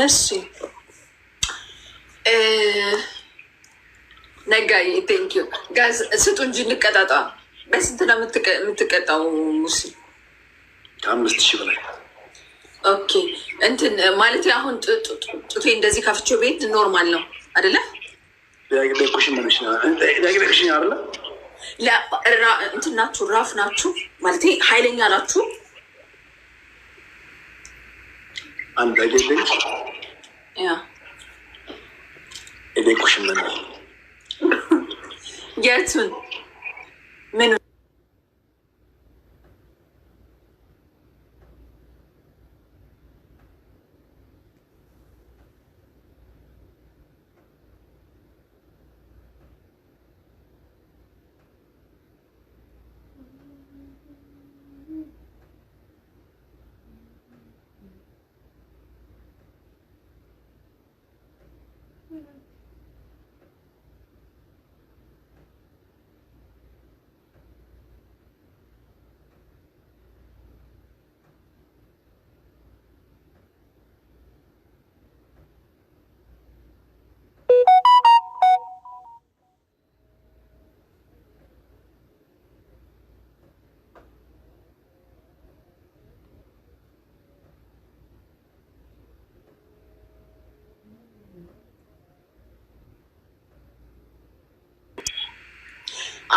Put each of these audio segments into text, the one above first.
እሺ ነጋዬ ቴንክ ዩ ጋዝ ስጡ እንጂ እንቀጣጣ። በስንት ነው የምትቀጣው? ሙሲ አምስት ሺህ ብላይ። ኦኬ እንትን ማለት አሁን ጡቴ እንደዚህ ከፍቼው ቤት ኖርማል ነው አደለ? እንትናችሁ ራፍ ናችሁ ማለት ኃይለኛ ናችሁ አንድ አይደለም እኔ ቁሽመና የቱን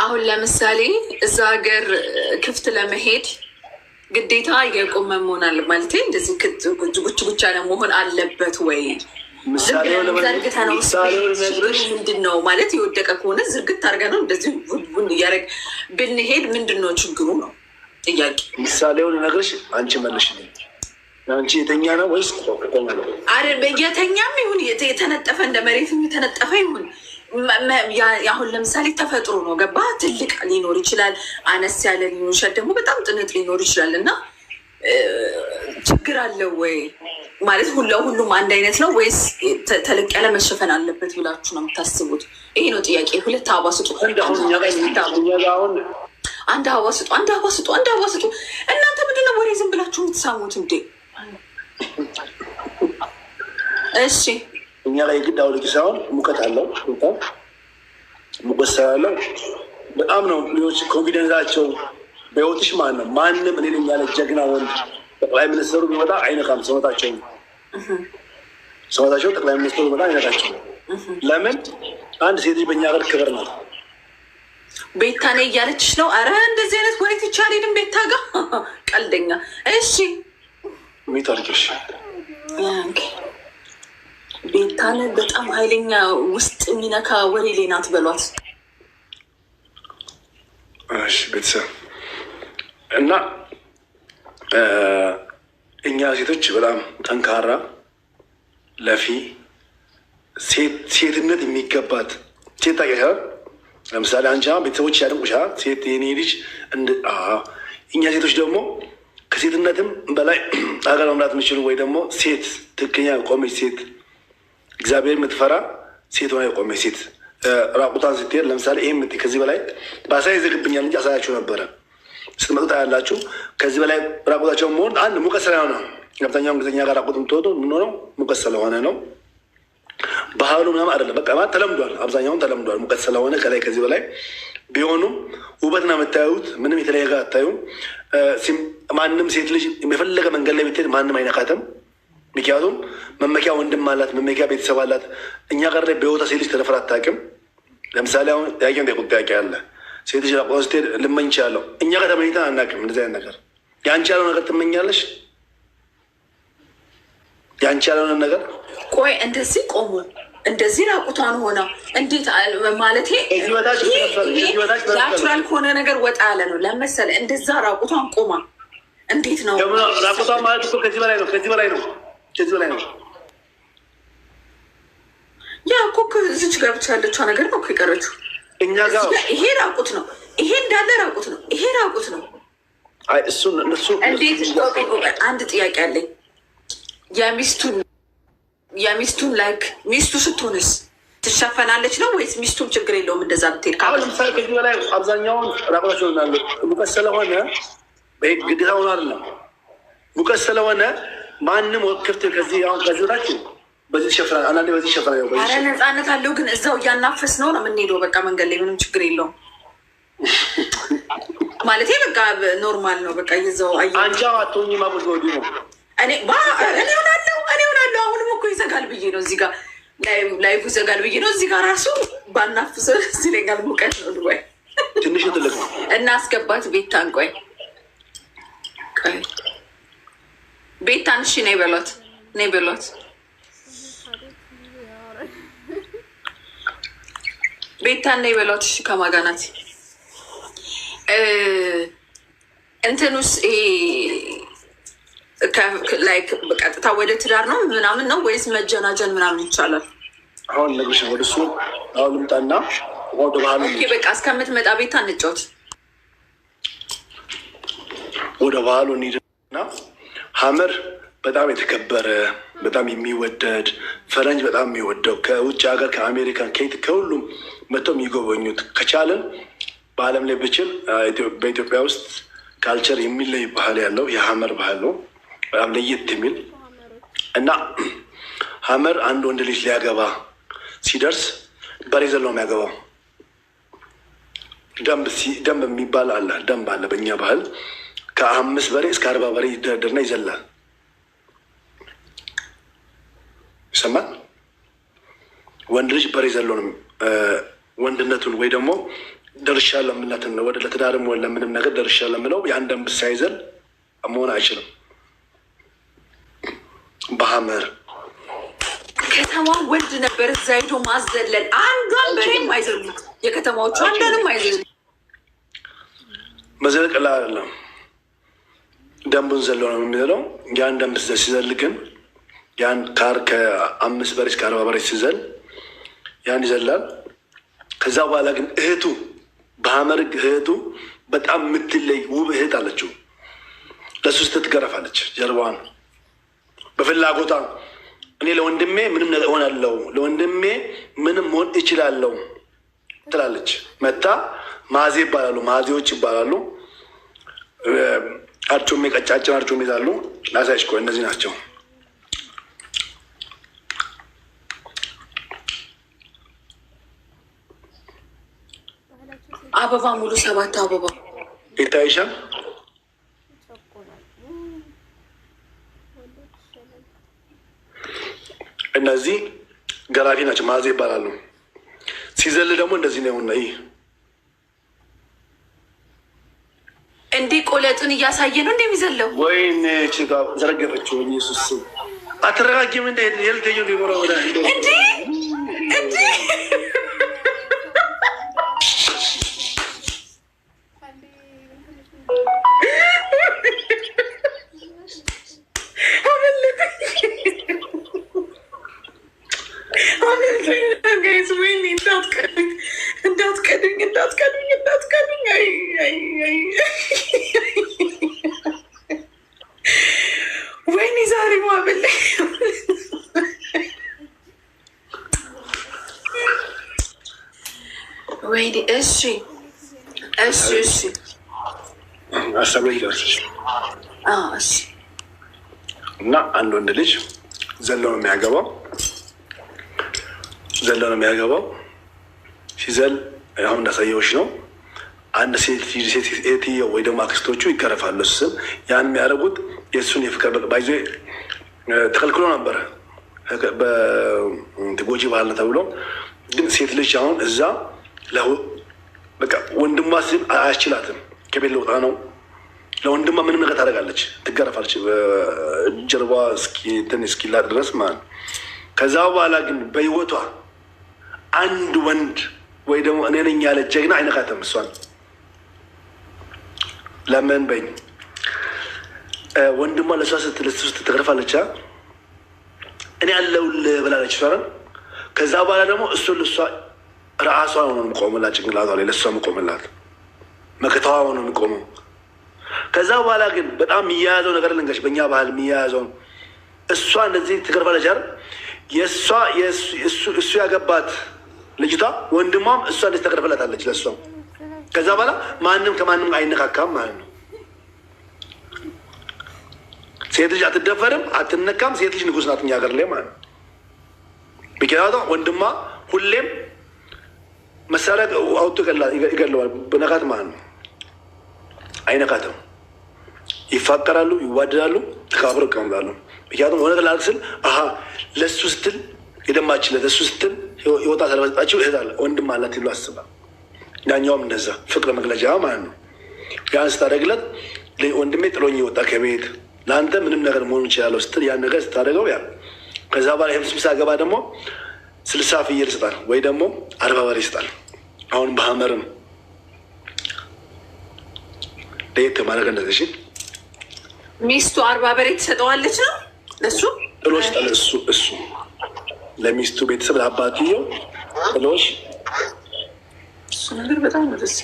አሁን ለምሳሌ እዛ ሀገር ክፍት ለመሄድ ግዴታ የቆመ መሆን ማለት እንደዚህ ጉች ጉቻ ለመሆን አለበት ወይ? ዘርግተ ምንድን ነው ማለት የወደቀ ከሆነ ዝርግት አድርገ ነው እንደዚህ ቡን እያደረግ ብንሄድ ምንድን ነው ችግሩ? ነው ጥያቄ። ምሳሌውን ነግርሽ አንቺ መልሽ። አንቺ የተኛ ነው ወይስ ቆመ ነው? የተኛም ይሁን የተነጠፈ እንደ መሬትም የተነጠፈ ይሁን አሁን ለምሳሌ ተፈጥሮ ነው ገባ ትልቅ ሊኖር ይችላል፣ አነስ ያለ ሊኖር ይችላል፣ ደግሞ በጣም ጥንት ሊኖር ይችላል። እና ችግር አለው ወይ ማለት ሁላ ሁሉም አንድ አይነት ነው ወይስ ተለቅ ያለ መሸፈን አለበት ብላችሁ ነው የምታስቡት? ይሄ ነው ጥያቄ። ሁለት አበባ ስጡ፣ አንድ አበባ ስጡ፣ አንድ አበባ ስጡ፣ አንድ አበባ ስጡ። እናንተ ምንድነው ወሬ ዝም ብላችሁ የምትሳሙት እንዴ? እሺ እኛ ላይ የግድ አውልቂ ሳይሆን ሙቀት አለው ሙቀት ስላለው በጣም ነው ሌሎች ኮንፊደንሳቸው በህይወትሽ ማን ነው ማንም እኔ ነኝ ያለ ጀግና ወንድ ጠቅላይ ሚኒስትሩ ቢመጣ አይነካም ሰውነታቸው ሰውነታቸው ጠቅላይ ሚኒስትሩ ቢመጣ አይነካቸው ለምን አንድ ሴት በእኛ ሀገር ክብር ናት ቤታ ነ እያለችሽ ነው አረ እንደዚህ አይነት ወሬት ይቻልድም ቤታ ጋር ቀልደኛ እሺ ሚታርኪሽ ቤታነ በጣም ኃይለኛ ውስጥ የሚነካ ወሬ ሌናት በሏት። እሺ ቤተሰብ እና እኛ ሴቶች በጣም ጠንካራ ለፊ ሴትነት የሚገባት ሴት ታውቂያለሽ። ለምሳሌ አንቺ ቤተሰቦች ያደንቁሻ ሴት የኔ ልጅ እኛ ሴቶች ደግሞ ከሴትነትም በላይ አገር መምራት የምችሉ ወይ ደግሞ ሴት ትክክለኛ ቆመች ሴት እግዚአብሔር የምትፈራ ሴት ሆና የቆመች ሴት ራቁቷን ስትሄድ ለምሳሌ ይህ ምት ከዚህ በላይ በአሳይ ዘግብኛል እንጂ አሳያችሁ ነበረ ስትመጡታ ያላችሁ ከዚህ በላይ ራቁታቸውን መሆን አንድ ሙቀት ስለሆነ ነው። አብዛኛውን ጊዜ እኛ ጋር ራቁት የምትወጡ የምንሆነው ሙቀት ስለሆነ ነው። ባህሉ ምናም አይደለም። በቃ ማለት ተለምዷል፣ አብዛኛውን ተለምዷል። ሙቀት ስለሆነ ከላይ ከዚህ በላይ ቢሆኑም ውበት ውበትና የምታዩት ምንም የተለየ ጋር አታዩም። ማንም ሴት ልጅ የፈለገ መንገድ ላይ ብትሄድ ማንም አይነካትም። ምክንያቱም መመኪያ ወንድም አላት፣ መመኪያ ቤተሰብ አላት። እኛ ጋር ላይ በህይወታ ሴት ልጅ ተደፍራ አታውቅም። ለምሳሌ አሁን ያቄን ቁጣ ያቄ አለ ሴት ልጅ ቆ ስትሄድ ልመኝ ይችላለሁ። እኛ ጋር ተመኝተን አናውቅም። እንደዚህ አይነት ነገር የአንቺ ያለው ነገር ትመኛለሽ። የአንቺ ያለውን ነገር ቆይ እንደዚህ ቆሙ እንደዚህ ራቁቷን ሆና እንዴት ማለት ናቹራል ከሆነ ነገር ወጣ ያለ ነው ለመሰለ እንደዛ ራቁቷን ቆማ እንዴት ነው ራቁቷን ማለት ከዚህ በላይ ነው ከዚህ በላይ ነው ከዚህ በላይ ነው። ያ እኮ እዚች ጋር ብቻ ያለችዋ ነገር ነው የቀረችው። እኛ ጋር ይሄ ራቁት ነው፣ ይሄ እንዳለ ራቁት ነው፣ ይሄ ራቁት ነው። እንዴት አንድ ጥያቄ አለኝ። የሚስቱን የሚስቱን ላይክ ሚስቱ ስትሆንስ ትሸፈናለች ነው ወይስ ሚስቱም ችግር የለውም እንደዛ ብትሄድ? ለምሳሌ ከዚህ በላይ አብዛኛውን ራቁታቸው ናለ ሙቀት ስለሆነ ግዴታ አይደለም ሙቀት ስለሆነ ማንም ወክፍት ከዚህ አሁን ከዚህ ታች በዚህ ሸፍና አንዳንዴ በዚህ ሸፍና ያው ኧረ ነፃነት አለው ግን እዛው እያናፈስ ነው ነው የምንሄደው። በቃ መንገድ ላይ ምንም ችግር የለውም ማለት በቃ ኖርማል ነው። በቃ እየዛው አንቺ አቶኝ ማቦች ወዲ ነው እኔ እኔ ሆናለሁ እኔ ሆናለሁ። አሁንም እኮ ይዘጋል ብዬ ነው እዚህ ጋር ላይፉ ይዘጋል ብዬ ነው እዚህ ጋር ራሱ ባናፍሰ ሲለኛል። ሙቀት ነው ድባይ ትንሽ ትልቅ ነው እና አስገባት ቤት ታንቋይ ቤታን እሺ ነይ በሏት፣ ነይ በሏት። ቤታን ነይ በሏት። እሺ ከማጋናት እንትኑስ ይሄ ላይክ ቀጥታ ወደ ትዳር ነው ምናምን ነው ወይስ መጀናጀን ምናምን ይቻላል? አሁን ነግሽ ወደ እሱ አሁን ልምጣና ወደ ባህሉ በቃ እስከምትመጣ ቤታ እንጫወት። ወደ ባህሉ እንሂድና ሀመር በጣም የተከበረ በጣም የሚወደድ ፈረንጅ በጣም የሚወደው ከውጭ ሀገር ከአሜሪካን ከየት ከሁሉም መጥተው የሚጎበኙት ከቻለን በዓለም ላይ ብችል በኢትዮጵያ ውስጥ ካልቸር የሚለይ ባህል ያለው የሀመር ባህል ነው። በጣም ለየት የሚል እና ሀመር አንድ ወንድ ልጅ ሊያገባ ሲደርስ በሬዘል ነው የሚያገባው። ደንብ የሚባል አለ። ደንብ አለ በእኛ ባህል ከአምስት በሬ እስከ አርባ በሬ ይደረደርና ይዘላል። ይሰማል። ወንድ ልጅ በሬ ዘሎ ነው ወንድነቱን ወይ ደግሞ ደርሻ ለምነትን ወደ ለትዳርም ለምንም ነገር ደርሻ ለምነው የአንድ አንበሳ ሳይዘል መሆን አይችልም። በሀመር ከተማ ወንድ ነበር እዛ ሄዶ ማዘለል አንዷን በሬም አይዘሉት የከተማዎቹ አንዷንም አይዘሉት መዘለቅላ አይደለም። ደንቡን ዘሎ ነው የሚዘለው። ያን ደንብ ሲዘል ግን ያን ካር ከአምስት በሬ እስከ አርባ በሬ ሲዘል ያን ይዘላል። ከዛ በኋላ ግን እህቱ በሀመርግ እህቱ በጣም የምትለይ ውብ እህት አለችው። ለሱስ ትገረፋለች ጀርባዋን በፍላጎቷ እኔ ለወንድሜ ምንም ነገር እሆናለሁ፣ ለወንድሜ ምንም መሆን እችላለሁ ትላለች። መታ ማዜ ይባላሉ፣ ማዜዎች ይባላሉ። አርጩሜ ቀጫጭን አርጩሜ ይዛሉ። ላሳይሽ ቆይ፣ እነዚህ ናቸው። አበባ ሙሉ ሰባት አበባ ይታይሻል። እነዚህ ገራፊ ናቸው፣ ማዘ ይባላሉ። ሲዘል ደግሞ እንደዚህ ነው። ይህ ራሱን እያሳየ ነው እንደሚዘለው ወይም ዘረገፈችው። ኢየሱስ አትረጋጊም እንዴ? ልተየ ሊኖረ ወዳ እንዲ እንዲ ወይኔ እሺ እሺ እሺ አሰበ እና አንድ ወንድ ልጅ ዘሎ ነው የሚያገባው። ዘሎ ነው የሚያገባው ሲዘል አሁን እንዳሳየዎች ነው። አንድ ሴትዮ ወይ ደግሞ አክስቶቹ ይገረፋሉ። ስም ያን የሚያደርጉት የእሱን የፍቅር ባይዞ ተከልክሎ ነበረ ጎጂ ባህል ነው ተብሎ። ግን ሴት ልጅ አሁን እዛ በቃ ወንድሟ ሲል አያስችላትም። ከቤት ለውጣ ነው ለወንድማ ምንም ነገር ታደርጋለች፣ ትገረፋለች ጀርባ እንትን እስኪላት ድረስ ማለት ነው። ከዛ በኋላ ግን በህይወቷ አንድ ወንድ ወይ ደግሞ እኔ ነኝ ያለ ጀግና አይነካተም እሷን ለምን በኝ ወንድሟ ለሷ ስትልስት ትገርፋለች። እኔ ያለሁልህ ብላለች ሰረን። ከዛ በኋላ ደግሞ እሱ ልሷ ረአሷ ሆኖ ቆምላት፣ ጭንቅላቷ ላይ ለሷ ቆምላት፣ መከታዋ ሆኖ ቆመው። ከዛ በኋላ ግን በጣም የሚያያዘው ነገር ልንገርሽ፣ በእኛ ባህል የሚያያዘው እሷ እንደዚህ ትገርፋለች አይደል? የእሷ እሱ ያገባት ልጅቷ ወንድሟም እሷ እንደዚህ ተገርፈላታለች ለሷ። ከዛ በኋላ ማንም ከማንም አይነካካም ማለት ነው። ሴት ልጅ አትደፈርም፣ አትነካም። ሴት ልጅ ንጉስ ናት እኛ ሀገር ላይ ማለት ነው። ምክንያቱም ወንድማ ሁሌም መሳሪያ አውጥቶ ይገለዋል፣ በነካት ማለት ነው። አይነካትም። ይፋቀራሉ፣ ይዋደዳሉ፣ ተካፍሮ ይቀመጣሉ። ምክንያቱም ሆነ ትላልቅ ስል አሀ ለእሱ ስትል የደማችለት እሱ ስትል ህይወታ ስለመጣችው እህት አለ ወንድም አላት ይሉ አስባል። ያኛውም እንደዛ ፍቅር መግለጫ ማለት ነው። ያን ስታደርግለት ወንድሜ ጥሎኝ ይወጣ ከቤት ለአንተ ምንም ነገር መሆኑ ይችላለሁ ስትል ያን ነገር ስታደርገው ያ ከዛ በኋላ ይህም ስምሳ ገባ ደግሞ ስልሳ ፍየል ይሰጣል ወይ ደግሞ አርባ በሬ ይሰጣል። አሁን በሀመርም ለየት ማድረግ እንደዚህ ሚስቱ አርባ በሬ ትሰጠዋለች ነው እሱ ጥሎ ይሰጣል። እሱ እሱ ለሚስቱ ቤተሰብ ለአባትየው ደስ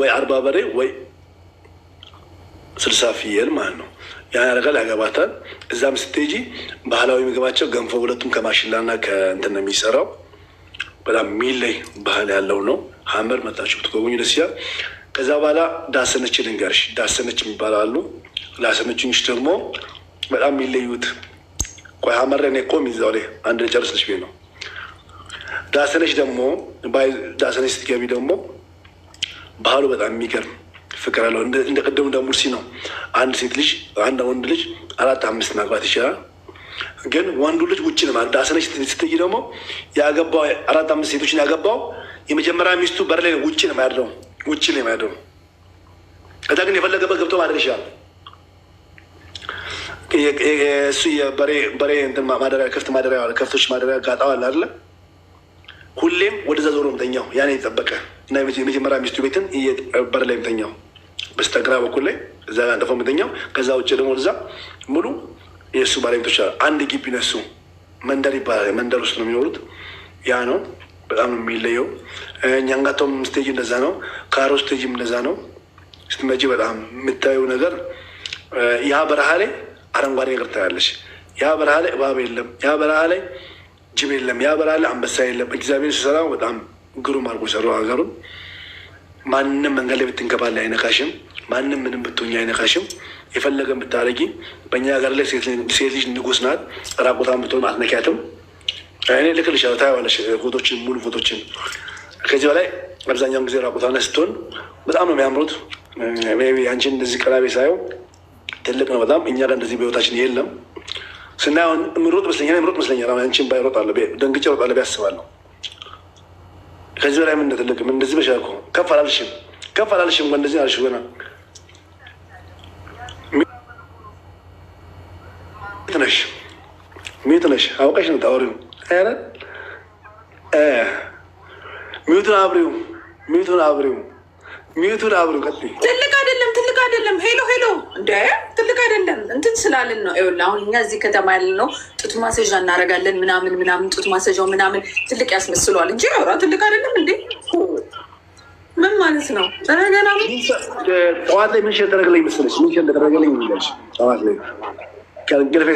ወይ አርባ በሬ ወይ ስልሳ ፍየል ማለት ነው። ያን ያደርጋል፣ ያገባታል። እዛም ስትሄጂ ባህላዊ ምግባቸው ገንፎ፣ ሁለቱም ከማሽላና ከእንትን ነው የሚሰራው። በጣም ሚለይ ባህል ያለው ነው። ሀመር መጣችሁ ብትጎበኙ ደስ ይላል። ከዛ በኋላ ዳሰነች ልንገርሽ፣ ዳሰነች የሚባሉ አሉ። ዳሰነችኞች ደግሞ በጣም የሚለዩት ቆይ ሀመር ኔ እኮ ሚዛው ላይ አንድ ጨርስ ልሽ ነው። ዳሰነች ደግሞ ዳሰነች ስትገቢ ደግሞ ባህሉ በጣም የሚገርም ፍቅር አለው። እንደ ቀደሙ እንደ ሙርሲ ነው። አንድ ሴት ልጅ አንድ ወንድ ልጅ አራት አምስት ማግባት ይችላል። ግን ወንዱ ልጅ ውጭ ነው ማለት አሰነች ስትይ ደግሞ ያገባው አራት አምስት ሴቶችን ያገባው የመጀመሪያ ሚስቱ በር ላይ ውጭ ነው ያደረው ውጭ ነው ያደረው። ከዛ ግን የፈለገበት ገብቶ ማድረግ ይችላል። እሱ በሬ ማደሪያ ከፍት ማደሪያ ከፍቶች ማደሪያ ጋጣው አለ አይደለ? ሁሌም ወደዛ ዞሮ ምተኛው ያን የጠበቀ እና የመጀመሪያ ሚስቱ ቤትን በር ላይ ምተኛው በስተግራ በኩል ላይ እዛ ጋር አንጠፋ ከዛ ውጭ ደግሞ እዛ ሙሉ የእሱ ባለቤቶች አሉ። አንድ ግቢ ነሱ መንደር ይባላል። መንደር ውስጥ ነው የሚኖሩት። ያ ነው በጣም የሚለየው። እኛንጋቶም ስቴጅ እንደዛ ነው። ካሮ ስቴጅም እንደዛ ነው። ስትመጪ በጣም የምታየው ነገር ያ በረሃ ላይ አረንጓዴ ነገር ታያለች። ያ በረሃ ላይ እባብ የለም። ያ በረሃ ላይ ጅብ የለም። ያ በረሃ ላይ አንበሳ የለም። እግዚአብሔር ሲሰራ በጣም ግሩም አድርጎ ሰሩ ሀገሩን። ማንም መንገድ ላይ ብትንከባለ አይነካሽም። ማንም ምንም ብትሆኝ አይነካሽም። የፈለገ ብታደረጊ በእኛ ሀገር ላይ ሴት ልጅ ንጉስ ናት። ራቁታን ብትሆን አትነኪያትም። እኔ ልክልሻለሁ፣ ታይዋለሽ ፎቶችን፣ ሙሉ ፎቶችን። ከዚህ በላይ አብዛኛውን ጊዜ ራቁታ ላይ ስትሆን በጣም ነው የሚያምሩት። አንቺን እንደዚህ ቀላቤ ሳየው ትልቅ ነው በጣም። እኛ ጋር እንደዚህ በህይወታችን የለም። ስናየውን ምሮጥ መስለኛል፣ ምሮጥ መስለኛል። አንቺን ባይሮጥ አለ ደንግጬ ሮጣለሁ ብዬ አስባለሁ። ከዚህ በላይ ምን እንደተለቅም እንደዚህ በሻ ከፍ አላልሽም፣ ከፍ አላልሽም። እንደዚህ አልሽ ገና ነሽ ሚዩት ነሽ አውቀሽ ነው ታወሪው። ኧረ ሚዩቱን አብሪው፣ ሚዩቱን አብሪው፣ ሚዩቱን አብሪው። ቀጥይ ትልቅ ትልቅ አይደለም። ሄሎ ሄሎ፣ እንደ ትልቅ አይደለም እንትን ስላልን ነው። ይኸውልህ አሁን እኛ እዚህ ከተማ ነው ጡት ማሰዣ እናደርጋለን ምናምን ምናምን፣ ጡት ማሰዣው ምናምን ትልቅ ያስመስለዋል እንጂ ራ ትልቅ አይደለም እንዴ። ምን ማለት ነው? ገና ጠዋት ላይ ምን ሸጠረግለኝ መሰለች ምን ሸጠረግለኝ ጠዋት ላይ